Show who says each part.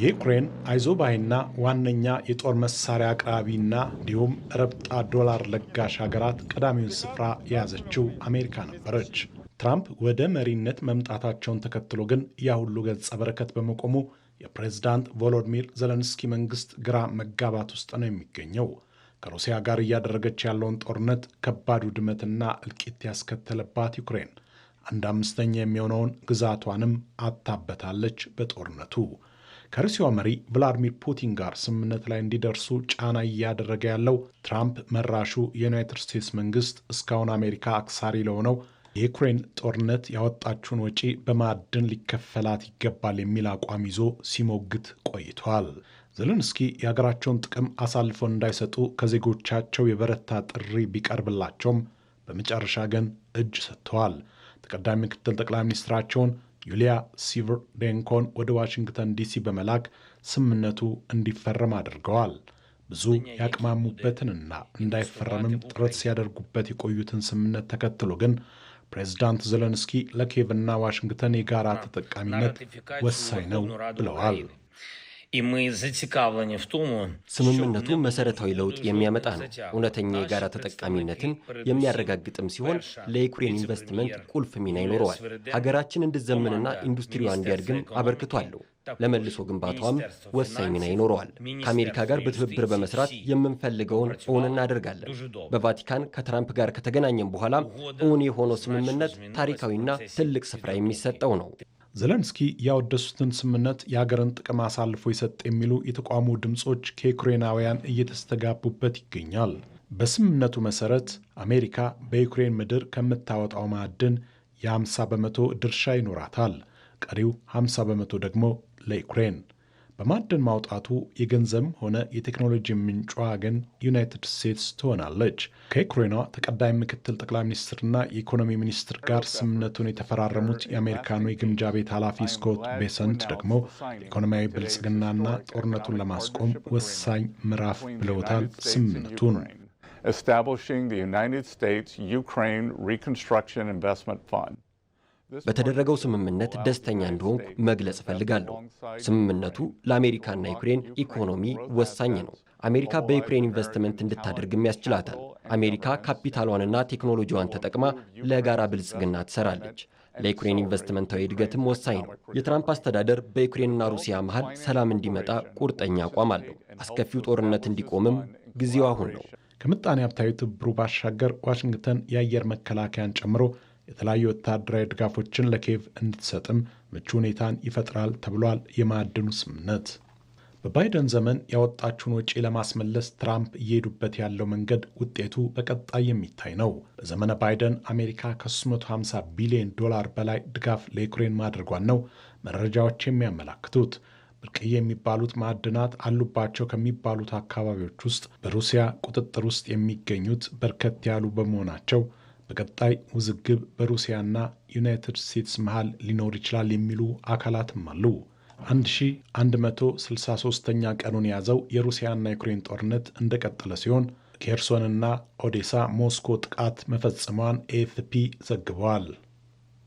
Speaker 1: የዩክሬን አይዞባይና ዋነኛ የጦር መሳሪያ አቅራቢና እንዲሁም ረብጣ ዶላር ለጋሽ ሀገራት ቀዳሚውን ስፍራ የያዘችው አሜሪካ ነበረች። ትራምፕ ወደ መሪነት መምጣታቸውን ተከትሎ ግን ያ ሁሉ ገጸ በረከት በመቆሙ የፕሬዝዳንት ቮሎዲሚር ዘለንስኪ መንግስት ግራ መጋባት ውስጥ ነው የሚገኘው። ከሩሲያ ጋር እያደረገች ያለውን ጦርነት ከባድ ውድመትና እልቂት ያስከተለባት ዩክሬን አንድ አምስተኛ የሚሆነውን ግዛቷንም አታበታለች በጦርነቱ። ከሩሲያው መሪ ቭላዲሚር ፑቲን ጋር ስምምነት ላይ እንዲደርሱ ጫና እያደረገ ያለው ትራምፕ መራሹ የዩናይትድ ስቴትስ መንግስት እስካሁን አሜሪካ አክሳሪ ለሆነው የዩክሬን ጦርነት ያወጣችውን ወጪ በማዕድን ሊከፈላት ይገባል የሚል አቋም ይዞ ሲሞግት ቆይቷል። ዘለንስኪ የሀገራቸውን ጥቅም አሳልፈው እንዳይሰጡ ከዜጎቻቸው የበረታ ጥሪ ቢቀርብላቸውም በመጨረሻ ግን እጅ ሰጥተዋል። ተቀዳሚ ምክትል ጠቅላይ ሚኒስትራቸውን ዩሊያ ሲቨርዴንኮን ወደ ዋሽንግተን ዲሲ በመላክ ስምምነቱ እንዲፈረም አድርገዋል። ብዙ ያቅማሙበትንና እንዳይፈረምም ጥረት ሲያደርጉበት የቆዩትን ስምምነት ተከትሎ ግን ፕሬዚዳንት ዘለንስኪ ለኬቭና ዋሽንግተን የጋራ ተጠቃሚነት ወሳኝ ነው ብለዋል።
Speaker 2: ስምምነቱ መሰረታዊ ለውጥ የሚያመጣ ነው። እውነተኛ የጋራ ተጠቃሚነትን የሚያረጋግጥም ሲሆን ለዩክሬን ኢንቨስትመንት ቁልፍ ሚና ይኖረዋል። ሀገራችን እንድዘምንና ኢንዱስትሪዋ እንዲያድግም አበርክቶ አለው። ለመልሶ ግንባታዋም ወሳኝ ሚና ይኖረዋል። ከአሜሪካ ጋር በትብብር በመስራት የምንፈልገውን እውን እናደርጋለን። በቫቲካን ከትራምፕ ጋር ከተገናኘም በኋላ እውን የሆነው ስምምነት ታሪካዊና ትልቅ ስፍራ የሚሰጠው ነው።
Speaker 1: ዘለንስኪ ያወደሱትን ስምምነት የሀገርን ጥቅም አሳልፎ ይሰጥ የሚሉ የተቋሙ ድምፆች ከዩክሬናውያን እየተስተጋቡበት ይገኛል። በስምምነቱ መሰረት አሜሪካ በዩክሬን ምድር ከምታወጣው ማዕድን የ50 በመቶ ድርሻ ይኖራታል። ቀሪው 50 በመቶ ደግሞ ለዩክሬን በማዕድን ማውጣቱ የገንዘብ ሆነ የቴክኖሎጂ ምንጯ ግን ዩናይትድ ስቴትስ ትሆናለች። ከዩክሬኗ ተቀዳሚ ምክትል ጠቅላይ ሚኒስትርና የኢኮኖሚ ሚኒስትር ጋር ስምምነቱን የተፈራረሙት የአሜሪካኑ የግምጃ ቤት ኃላፊ ስኮት ቤሰንት ደግሞ ኢኮኖሚያዊ ብልጽግናና ጦርነቱን ለማስቆም ወሳኝ ምዕራፍ ብለውታል ስምምነቱን። Establishing the United States Ukraine
Speaker 2: Reconstruction Investment Fund. በተደረገው ስምምነት ደስተኛ እንደሆንኩ መግለጽ እፈልጋለሁ። ስምምነቱ ለአሜሪካና ዩክሬን ኢኮኖሚ ወሳኝ ነው። አሜሪካ በዩክሬን ኢንቨስትመንት እንድታደርግም ያስችላታል። አሜሪካ ካፒታሏንና ቴክኖሎጂዋን ተጠቅማ ለጋራ ብልጽግና ትሰራለች። ለዩክሬን ኢንቨስትመንታዊ እድገትም ወሳኝ ነው። የትራምፕ አስተዳደር በዩክሬንና ሩሲያ መሃል ሰላም እንዲመጣ ቁርጠኛ አቋም አለው። አስከፊው ጦርነት እንዲቆምም ጊዜው አሁን ነው።
Speaker 1: ከምጣኔ ሀብታዊ ትብብሩ ባሻገር ዋሽንግተን የአየር መከላከያን ጨምሮ የተለያዩ ወታደራዊ ድጋፎችን ለኬቭ እንድትሰጥም ምቹ ሁኔታን ይፈጥራል ተብሏል። የማዕድኑ ስምምነት በባይደን ዘመን ያወጣችውን ወጪ ለማስመለስ ትራምፕ እየሄዱበት ያለው መንገድ ውጤቱ በቀጣይ የሚታይ ነው። በዘመነ ባይደን አሜሪካ ከ350 ቢሊዮን ዶላር በላይ ድጋፍ ለዩክሬን ማድረጓን ነው መረጃዎች የሚያመላክቱት። ብርቅዬ የሚባሉት ማዕድናት አሉባቸው ከሚባሉት አካባቢዎች ውስጥ በሩሲያ ቁጥጥር ውስጥ የሚገኙት በርከት ያሉ በመሆናቸው በቀጣይ ውዝግብ በሩሲያና ዩናይትድ ስቴትስ መሃል ሊኖር ይችላል የሚሉ አካላትም አሉ። 1163ኛ ቀኑን የያዘው የሩሲያና ዩክሬን ጦርነት እንደቀጠለ ሲሆን ኬርሶንና ኦዴሳ ሞስኮ ጥቃት መፈጸሟን ኤፍፒ ዘግበዋል።